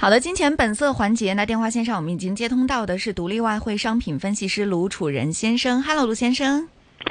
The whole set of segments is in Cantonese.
好的，金錢本色環節，那電話線上我們已經接通到的是獨立外匯商品分析師盧楚仁先生。Hello，盧先生。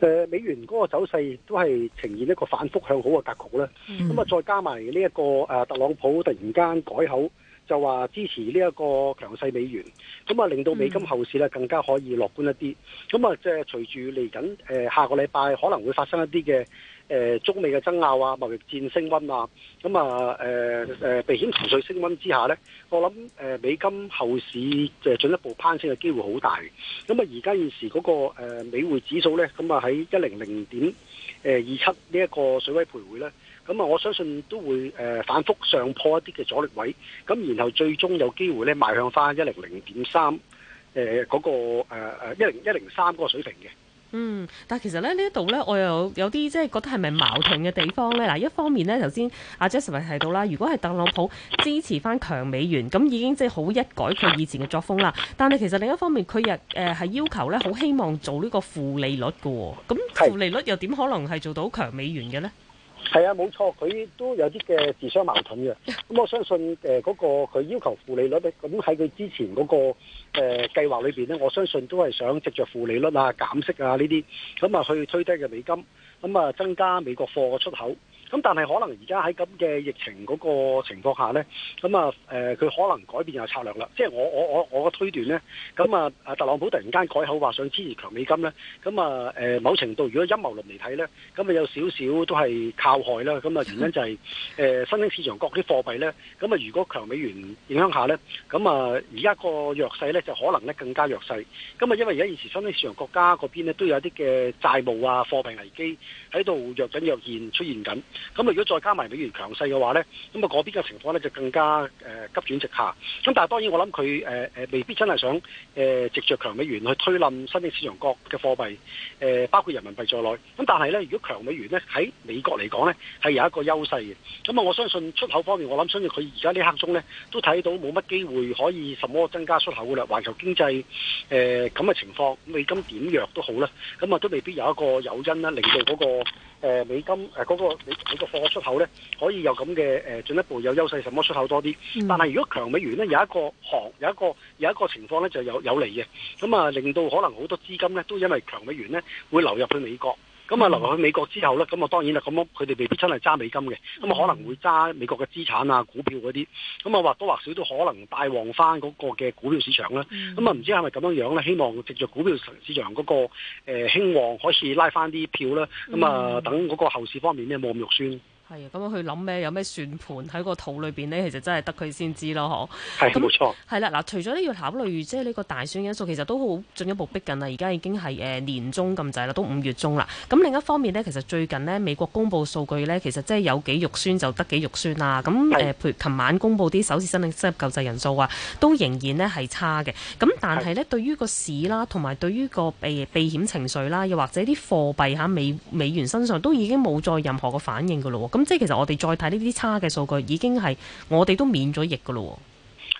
誒美元嗰個走勢都係呈現一個反覆向好嘅格局咧，咁、嗯、啊再加埋呢一個誒特朗普突然間改口，就話支持呢一個強勢美元，咁啊令到美金後市咧更加可以樂觀一啲，咁啊即係隨住嚟緊誒下個禮拜可能會發生一啲嘅。誒中美嘅爭拗啊，貿易戰升溫啊，咁啊誒誒、啊、避險情緒升溫之下呢，我諗誒美金後市誒進一步攀升嘅機會好大。咁啊而家現，現時嗰個美匯指數呢，咁啊喺一零零點誒二七呢一個水位徘徊呢，咁啊我相信都會誒反覆上破一啲嘅阻力位，咁、啊、然後最終有機會呢，邁向翻一零零點三誒嗰個誒一零一零三嗰個水平嘅。嗯，但係其實咧呢一度咧，我又有啲即係覺得係咪矛盾嘅地方咧？嗱，一方面咧，頭先阿 Jesse 提到啦，如果係特朗普支持翻強美元，咁已經即係好一改佢以前嘅作風啦。但係其實另一方面，佢又誒係、呃、要求咧，好希望做呢個負利率喎、哦。咁負利率又點可能係做到強美元嘅咧？係啊，冇錯，佢都有啲嘅自相矛盾嘅。咁我相信誒嗰個佢要求負利率咁喺佢之前嗰個誒、呃、計劃裏邊咧，我相信都係想藉著負利率啊、減息啊呢啲，咁啊去推低嘅美金，咁啊增加美國貨嘅出口。咁但係可能而家喺咁嘅疫情嗰個情況下呢，咁啊誒佢、呃、可能改變下策略啦。即係我我我我嘅推斷呢，咁啊特朗普突然間改口話想支持強美金呢。咁啊、呃、某程度如果陰謀論嚟睇呢，咁啊有少少都係靠害啦。咁啊原因就係、是、誒、呃、新興市場各啲貨幣呢。咁啊如果強美元影響下呢，咁啊而家個弱勢呢，就可能呢更加弱勢。咁啊因為而家現時新興市場國家嗰邊呢，都有啲嘅債務啊貨幣危機喺度若隱若現出現緊。咁啊！如果再加埋美元強勢嘅話呢，咁啊嗰邊嘅情況呢就更加誒急轉直下。咁但係當然我諗佢誒未必真係想誒，藉著強美元去推冧新興市場國嘅貨幣，誒，包括人民幣在內。咁但係呢，如果強美元呢喺美國嚟講呢，係有一個優勢嘅。咁啊，我相信出口方面我諗，相信佢而家呢刻中呢都睇到冇乜機會可以什麼增加出口噶啦。環球經濟誒咁嘅情況，美金點弱都好啦，咁啊都未必有一個誘因啦，令到嗰個誒美金誒嗰個美。那個.佢、那個貨出口呢可以有咁嘅誒，進一步有優勢，什麼出口多啲？但係如果強美元呢，有一個行有一個有一個情況呢，就有有利嘅咁啊，令到可能好多資金呢都因為強美元呢會流入去美國。咁、嗯、啊，流落去美國之後咧，咁啊當然啦，咁佢哋未必真係揸美金嘅，咁啊可能會揸美國嘅資產啊、股票嗰啲，咁啊或多或少都可能帶旺翻嗰個嘅股票市場啦。咁、嗯、啊，唔知係咪咁樣樣咧？希望藉著股票市場嗰、那個誒、呃、興旺，可以拉翻啲票啦。咁啊，嗯、等嗰個後市方面咧望冇咁肉酸。係啊，咁樣去諗咩有咩算盤喺個肚裏面呢？其實真係得佢先知咯，嗬。係冇錯。係啦，嗱，除咗呢個考慮，即係呢個大選因素，其實都好進一步逼緊啦。而家已經係年中咁滯啦，都五月中啦。咁另一方面呢，其實最近呢，美國公布數據呢，其實即係有幾肉酸就得幾肉酸啦，咁誒，譬如琴晚公布啲首次申請失業救濟人數啊，都仍然呢係差嘅。咁但係呢，對於個市啦，同埋對於個避避險情緒啦，又或者啲貨幣喺、啊、美美元身上，都已經冇再任何個反應㗎咯。咁即係其實我哋再睇呢啲差嘅數據，已經係我哋都免咗疫噶咯喎。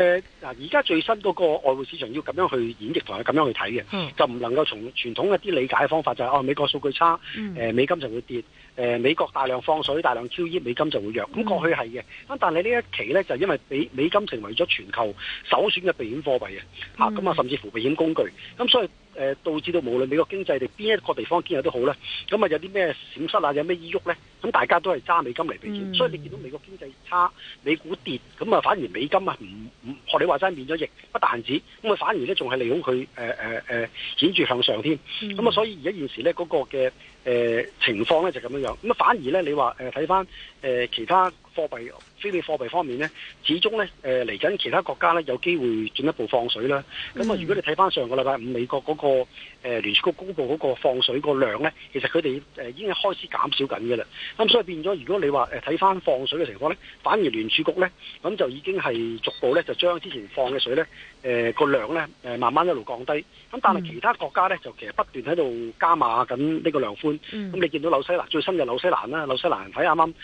嗱，而家最新嗰個外匯市場要咁樣去演繹同埋咁樣去睇嘅，就唔能夠從傳統一啲理解嘅方法就係、係、哦美國數據差，誒美金就會跌，誒美國大量放水、大量 QE，美金就會弱。咁過去係嘅，咁但係呢一期呢，就因為美美金成為咗全球首選嘅避險貨幣嘅，嚇咁啊甚至乎避險工具，咁所以。誒、嗯、導致到無論美國經濟地邊一個地方兼有都好咧，咁啊有啲咩損失啊，有咩意郁咧？咁大家都係揸美金嚟避險，所以你見到美國經濟差，美股跌，咁啊反而美金啊唔唔學你話齋變咗形，不但止，咁啊反而咧仲係利用佢誒誒誒顯著向上添，咁啊所以而家現時咧嗰個嘅誒、呃、情況咧就咁樣樣，咁啊反而咧你話誒睇翻誒其他貨幣。非美貨幣方面咧，始終咧，誒嚟緊其他國家咧有機會進一步放水啦。咁、嗯、啊，如果你睇翻上個禮拜五美國嗰、那個誒、呃、聯儲局公佈嗰個放水個量咧，其實佢哋誒已經開始減少緊嘅啦。咁所以變咗，如果你話誒睇翻放水嘅情況咧，反而聯儲局咧，咁就已經係逐步咧就將之前放嘅水咧，誒、呃、個量咧誒慢慢一路降低。咁但係其他國家咧、嗯、就其實不斷喺度加碼緊呢個量寬。咁你見到紐西蘭、嗯、最新嘅紐西蘭啦，紐西蘭喺啱啱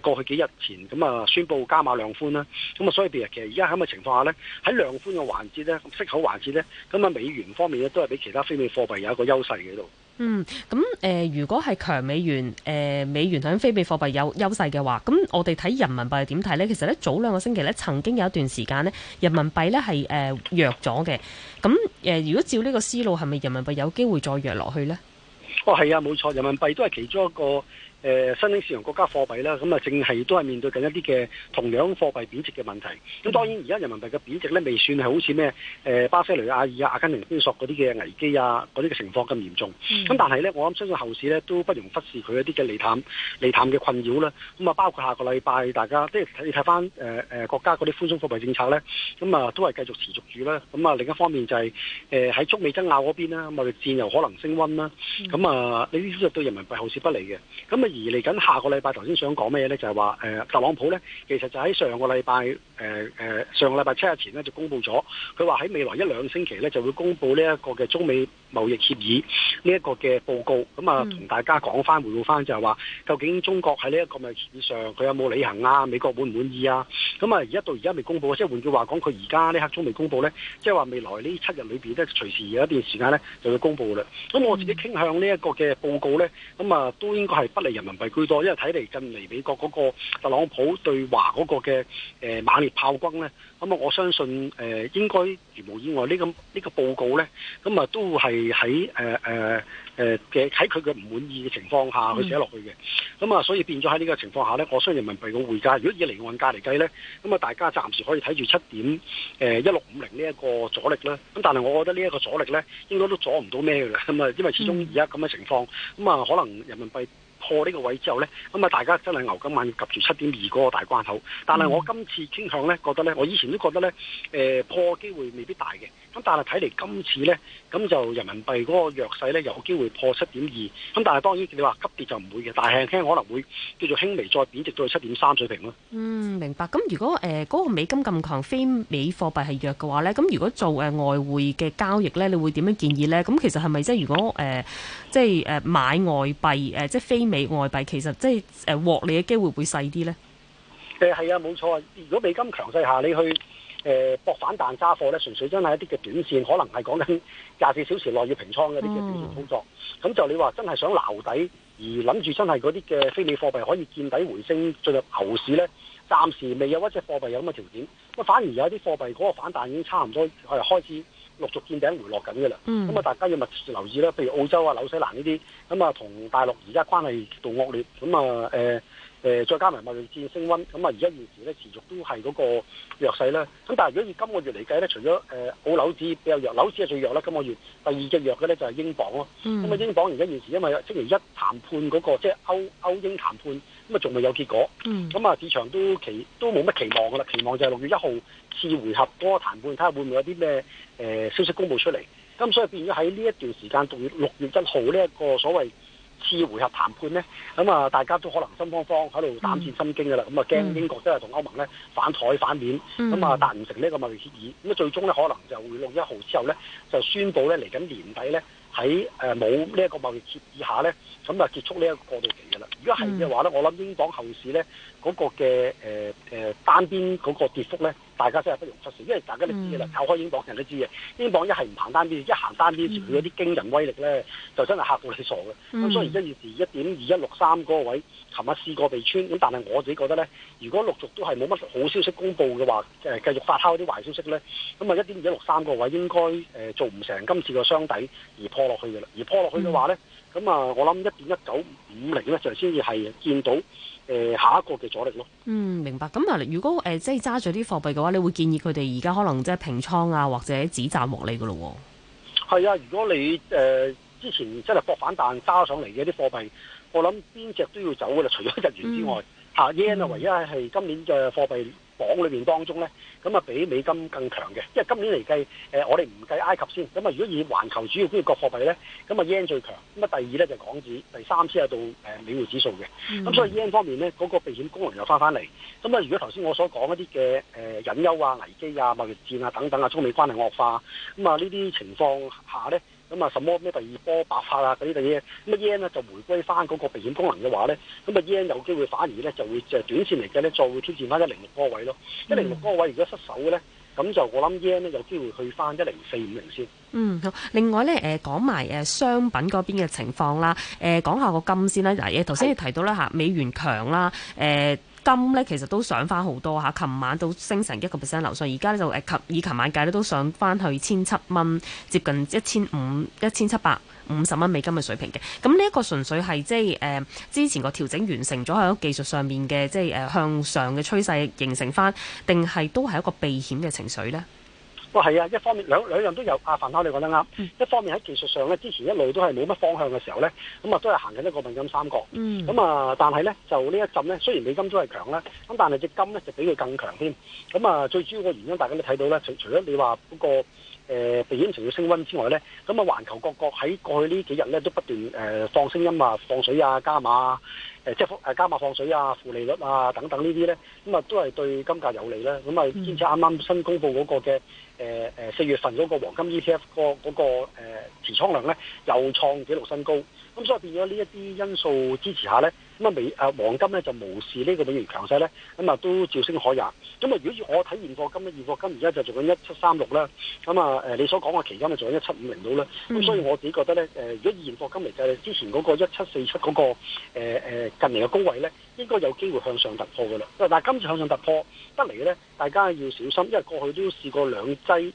誒過去幾日前咁啊加碼量寬啦，咁啊，所以其實而家喺咁嘅情況下呢，喺量寬嘅環節呢，息口環節呢，咁啊，美元方面呢，都係比其他非美貨幣有一個優勢喺度嗯，咁誒、呃，如果係強美元，誒、呃，美元響非美貨幣有優勢嘅話，咁我哋睇人民幣係點睇呢？其實呢，早兩個星期呢，曾經有一段時間呢，人民幣呢係誒弱咗嘅。咁誒、呃，如果照呢個思路，係咪人民幣有機會再弱落去呢？哦，係啊，冇錯，人民幣都係其中一個。誒，新興市場國家貨幣啦，咁啊，正係都係面對緊一啲嘅同樣貨幣貶值嘅問題。咁當然而家人民幣嘅貶值咧，未算係好似咩誒，巴西、雷亞爾啊、阿根廷比索嗰啲嘅危機啊，嗰啲嘅情況咁嚴重。咁、嗯、但係咧，我諗相信後市咧都不容忽視佢一啲嘅利淡利淡嘅困擾啦。咁啊，包括下個禮拜大家即係睇睇翻誒誒國家嗰啲寬鬆貨幣政策咧，咁啊都係繼續持續住啦。咁啊另一方面就係誒喺中美爭拗嗰邊啦，貿易戰又可能升溫啦。咁、嗯、啊呢啲都對人民幣後市不利嘅。咁而嚟緊下個禮拜頭先想講咩嘢呢？就係話誒特朗普呢，其實就喺上個禮拜、呃、上個禮拜七日前呢就公布咗，佢話喺未來一兩星期呢，就會公布呢一個嘅中美貿易協議呢一個嘅報告，咁啊同大家講翻、mm. 回顧翻，就係話究竟中國喺呢一個協議上佢有冇履行啊？美國滿唔滿意啊？咁啊而家到而家未公佈，即係換句話講，佢而家呢刻鐘未公佈呢，即係話未來呢七日裏邊咧，隨時有一段時間呢，就要公佈啦。咁我自己傾向呢一個嘅報告呢，咁啊都應該係不利人民幣居多，因為睇嚟近嚟美國嗰個特朗普對華嗰個嘅誒猛烈炮轟呢。咁啊我相信誒應該如無意外呢個呢個報告呢，咁啊都係。喺誒誒誒嘅喺佢嘅唔滿意嘅情況下，佢寫落去嘅，咁啊，所以變咗喺呢個情況下咧，我相信人民幣嘅匯價，如果以離岸價嚟計咧，咁啊，大家暫時可以睇住七點誒一六五零呢一個阻力啦，咁但係我覺得呢一個阻力咧，應該都阻唔到咩㗎啦，咁啊，因為始終而家咁嘅情況，咁啊，可能人民幣。破呢個位之後呢，咁啊，大家真係牛今晚要及住七點二嗰個大關口。但係我今次傾向呢，覺得呢，我以前都覺得呢，誒、呃、破機會未必大嘅。咁但係睇嚟今次呢，咁就人民幣嗰個弱勢呢，有機會破七點二。咁但係當然你話急跌就唔會嘅，但聽聽可能會叫做輕微再貶值到去七點三水平咯。嗯，明白。咁如果誒嗰、呃那個美金咁強，非美貨幣係弱嘅話呢，咁如果做外匯嘅交易呢，你會點樣建議呢？咁其實係咪即係如果誒、呃、即係誒買外幣即係非？美外幣其實即係誒獲利嘅機會會細啲咧？誒係啊，冇錯。如果美金強勢下，你去誒博、呃、反彈揸貨咧，純粹真係一啲嘅短線，可能係講緊廿四小時內要平倉嗰啲嘅短線操作。咁、嗯、就你話真係想撈底而諗住真係嗰啲嘅非美貨幣可以見底回升，進入牛市咧，暫時未有一隻貨幣有咁嘅條件。咁反而有一啲貨幣嗰、嗰個反彈已經差唔多係開始。陸續見頂回落緊嘅啦，咁、嗯、啊大家要密切留意啦。譬如澳洲啊、紐西蘭呢啲，咁啊同大陸而家關係度惡劣，咁啊誒誒再加埋貿易戰升溫，咁啊而家現時咧持續都係嗰個弱勢啦。咁但係如果以今個月嚟計咧，除咗誒澳樓市比較弱，樓市係最弱啦，今個月第二隻弱嘅咧就係英鎊咯。咁啊英鎊而家現時因為星期一談判嗰、那個即係、就是、歐歐英談判。咁仲未有結果。咁啊，市場都期都冇乜期望噶啦。期望就係六月一號次回合嗰個談判，睇下會唔會有啲咩消息公佈出嚟。咁所以變咗喺呢一段時間，仲六月一號呢一個所謂次回合談判咧。咁啊，大家都可能心慌慌喺度膽戰心驚噶啦。咁、嗯、啊，驚英國真係同歐盟咧反台反面，咁、嗯、啊達唔成呢個貿易協議。咁啊，最終咧可能就會六一號之後咧就宣布咧嚟緊年底咧。喺誒冇呢一個貿易協議下咧，咁就結束呢一個過渡期㗎啦。如果係嘅話咧，嗯、我諗英鎊後市咧嗰、嗰個嘅誒誒單邊嗰個跌幅咧。大家真係不容忽視，因為大家你知嘅啦，炒、嗯、開英鎊人都知嘅。英鎊一係唔行單邊，一行單邊時佢嗰啲驚人威力咧，就真係嚇到你傻嘅。咁所以而家要一點二一六三個位，尋日試過被穿。咁但係我自己覺得咧，如果陸續都係冇乜好消息公布嘅話，誒繼續發酵啲壞消息咧，咁啊一點二一六三個位應該誒做唔成今次個箱底而破落去嘅啦。而破落去嘅話咧。嗯咁、嗯、啊，我諗一點一九五零咧就先至係見到誒、呃、下一個嘅阻力咯。嗯，明白。咁啊，如果誒、呃、即係揸住啲貨幣嘅話，你會建議佢哋而家可能即係平倉啊，或者止賺獲利噶咯？係啊，如果你誒、呃、之前真係搏反彈揸上嚟嘅啲貨幣，我諗邊隻都要走噶啦，除咗日元之外，啊 yen 啊，唯一係今年嘅貨幣。港裏邊當中咧，咁啊比美金更強嘅，因為今年嚟計，我哋唔計埃及先，咁啊如果以環球主要工業國貨幣咧，咁啊 yen 最強，咁啊第二咧就港紙，第三先係到美匯指數嘅，咁所以 yen 方面咧嗰、那個避險功能又翻返嚟，咁啊如果頭先我所講一啲嘅誒隱憂啊、危機啊、貿易戰啊等等啊、中美關係惡化，咁啊呢啲情況下咧。咁啊，什麼咩第二波白髮啊嗰啲嘢，咁啊 yen 呢就回歸翻嗰個避險功能嘅話咧，咁啊 yen 有機會反而咧就會誒短線嚟嘅咧，再會出現翻一零六嗰個位咯。一零六嗰個位如果失守咧，咁就我諗 yen 呢有機會去翻一零四五零先。嗯，好。另外咧誒講埋誒商品嗰邊嘅情況啦，誒講下個金先啦。嗱，頭先你提到啦，嚇美元強啦，誒、呃。金咧其實都上翻好多嚇，琴晚都升成一個 percent 樓上，而家咧就誒及以琴晚計咧都上翻去千七蚊，接近一千五一千七百五十蚊美金嘅水平嘅。咁呢一個純粹係即係誒之前個調整完成咗喺個技術上面嘅即係誒向上嘅趨勢形成翻，定係都係一個避險嘅情緒咧？哇、哦，係啊！一方面兩兩樣都有阿範生，啊、你講得啱、嗯。一方面喺技術上咧，之前一路都係冇乜方向嘅時候咧，咁、嗯、啊都係行緊一個銅金三角。咁、嗯、啊、嗯，但係咧就這一陣呢一陣咧，雖然美金都係強啦，咁但係隻金咧就比佢更強添。咁、嗯、啊，最主要個原因大家都睇到咧，除除咗你話嗰、那個誒避險情緒升溫之外咧，咁、嗯、啊，環球各國喺過去這幾呢幾日咧都不斷誒、呃、放聲音啊、放水啊、加碼啊。誒即係誒加碼放水啊、負利率啊等等呢啲咧，咁啊都係對金價有利咧。咁啊，兼且啱啱新公布嗰個嘅誒誒四月份嗰個黃金 ETF 嗰嗰個誒持倉量咧，又創紀錄新高。咁所以變咗呢一啲因素支持下咧，咁啊美啊黃金咧就無視呢個美元強勢咧，咁啊都照升可也。咁啊如果以我睇現貨金咧，現貨金而家就做緊一七三六啦。咁啊誒你所講嘅期金啊做緊一七五零度啦。咁所以我自己覺得咧誒，如果以現貨金嚟計，之前嗰個一七四七嗰個誒、呃、近嚟嘅高位咧，應該有機會向上突破㗎啦。但係今次向上突破得嚟嘅咧，大家要小心，因為過去都試過兩劑。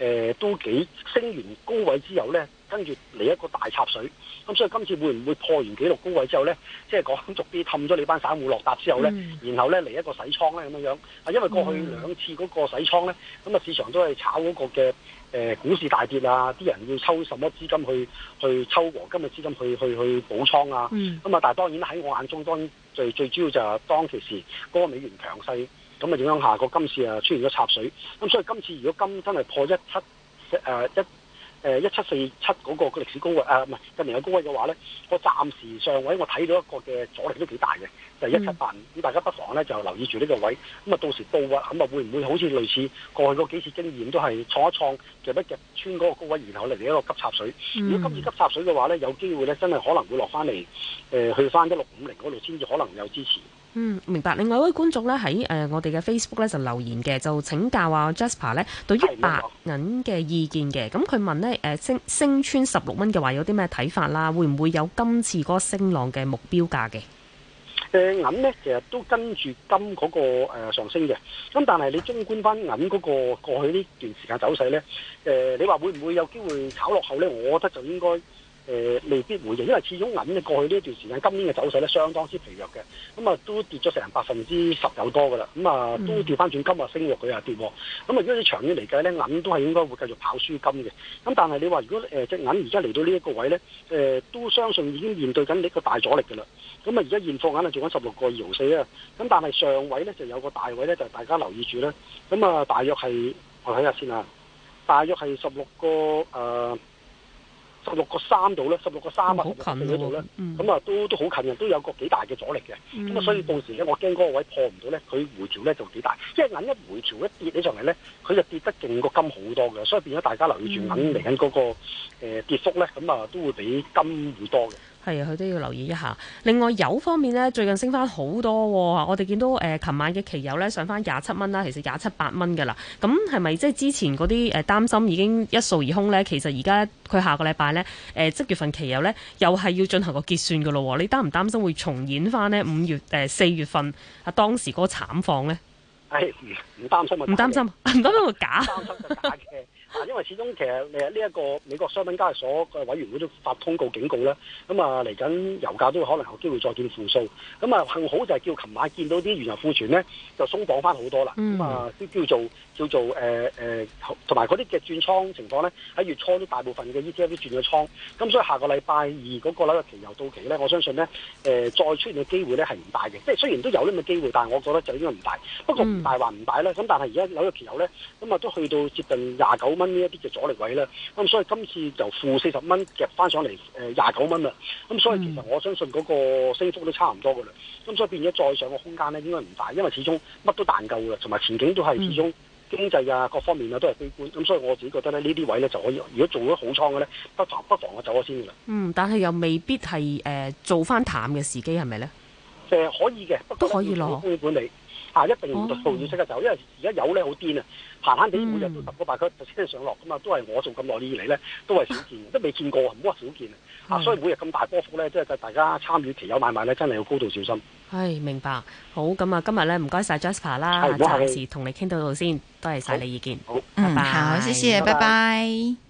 誒都幾升完高位之後呢，跟住嚟一個大插水，咁所以今次會唔會破完紀錄高位之後呢？即係講逐啲氹咗你班散戶落搭之後呢，嗯、然後呢嚟一個洗，個洗倉呢。咁樣樣，啊因為過去兩次嗰個洗倉呢，咁啊市場都係炒嗰個嘅誒、呃、股市大跌啊，啲人要抽什麼資金去去抽黃金嘅資金去去去補倉啊，咁、嗯、啊但係當然喺我眼中當然最最主要就係當其時嗰個美元強勢。咁啊！影響下個今次啊，出現咗插水。咁所以今次如果金真係破一七誒一一七四七嗰個歷史高位啊，唔係近年有高位嘅話咧，我暫時上位我睇到一個嘅阻力都幾大嘅，就係一七八五。咁大家不妨咧就留意住呢個位。咁啊，到時到啊，咁啊會唔會好似類似過去嗰幾次經驗，都係創一創就一直穿嗰個高位，然後嚟嚟一個急插水、嗯。如果今次急插水嘅話咧，有機會咧真係可能會落翻嚟去翻一六五零嗰度先至可能有支持。嗯，明白。另外，一位觀眾咧喺，誒我哋嘅 Facebook 咧就留言嘅，就請教阿 Jasper 咧對於白銀嘅意見嘅。咁佢問咧，誒升升穿十六蚊嘅話，有啲咩睇法啦？會唔會有今次嗰個升浪嘅目標價嘅？誒、呃，銀咧其實都跟住金嗰、那個誒、呃、上升嘅。咁但係你縱觀翻銀嗰個過去呢段時間走勢咧，誒、呃，你話會唔會有機會炒落後咧？我覺得就應該。誒、呃、未必回應，因為始終銀嘅過去呢一段時間，今年嘅走勢咧相當之疲弱嘅。咁、嗯、啊都跌咗成百分之十有多噶啦，咁、嗯、啊都調翻轉金啊升落佢啊跌，咁、嗯、啊、嗯、如果你長遠嚟計咧，銀都係應該會繼續跑輸金嘅。咁但係你話如果誒隻銀而家嚟到呢一個位咧，誒、呃、都相信已經面對緊呢個大阻力噶啦。咁啊而家現貨銀啊做緊十六個二毫四啊，咁但係上位咧就有個大位咧就是、大家留意住啦。咁啊大約係我睇下先啊，大約係十六個誒。呃十六個三度咧，十六個三啊，嗰度咧，咁啊都都好近嘅，都有個幾大嘅阻力嘅。咁、嗯、啊，所以到時咧，我驚嗰個位破唔到咧，佢回調咧就幾大。即係銀一回調一跌起上嚟咧，佢就跌得勁過金好多嘅，所以變咗大家留意住銀嚟緊嗰個、嗯呃、跌幅咧，咁啊都會比金會多嘅。係佢都要留意一下。另外油方面呢，最近升翻好多，哦。我哋見到誒，琴、呃、晚嘅期油呢，上翻廿七蚊啦，其實廿七八蚊噶啦。咁係咪即係之前嗰啲誒擔心已經一掃而空呢？其實而家佢下個禮拜呢，誒、呃、七月份期油呢，又係要進行個結算噶咯，哦。你擔唔擔心會重演翻、呃啊，呢？五月誒四月份啊當時嗰個慘況呢？係唔擔心唔擔心，唔擔心會假。不 嗱，因為始終其實誒呢一個美國商品交易所嘅委員會都發通告警告咧，咁啊嚟緊油價都可能有機會再見負數，咁啊幸好就係叫琴晚見到啲原油庫存咧就鬆綁翻好多啦，咁、嗯、啊、嗯、都叫做叫做誒同埋嗰啲嘅轉倉情況咧喺月初都大部分嘅 ETF 都轉咗倉，咁所以下個禮拜二嗰個紐約期油到期咧，我相信咧、呃、再出現嘅機會咧係唔大嘅，即係雖然都有呢個機會，但係我覺得就應該唔大。不過唔大還唔大啦。咁但係而家紐約期油咧咁啊都去到接近廿九蚊、嗯呃、呢一啲嘅阻力位咧，咁所以今次由負四十蚊夾翻上嚟，誒廿九蚊啦，咁所以其實我相信嗰個升幅都差唔多嘅啦，咁所以變咗再上嘅空間咧應該唔大，因為始終乜都彈夠啦，同埋前景都係始終經濟啊各方面啊都係悲觀，咁所以我自己覺得咧呢啲位咧就可以，如果做咗好倉嘅咧，不妨不妨我走咗先啦。嗯，但係又未必係誒、呃、做翻淡嘅時機係咪咧？誒可以嘅、嗯呃，都可以攞。啊！一定套住要識得走、哦，因為而家油咧好癲啊，閒閒哋每日都十個八個就先上落咁啊、嗯，都係我做咁耐以嚟咧都係少見，都未見,見過，唔好話少見啊、嗯！啊，所以每日咁大波幅咧，即係大家參與期油買賣咧，真係要高度小心。唉，明白。好咁啊，今日咧唔該晒 Jasper 啦，係係暫時同你傾到到先，多謝晒你意見。好，拜拜。好，謝謝，拜拜。拜拜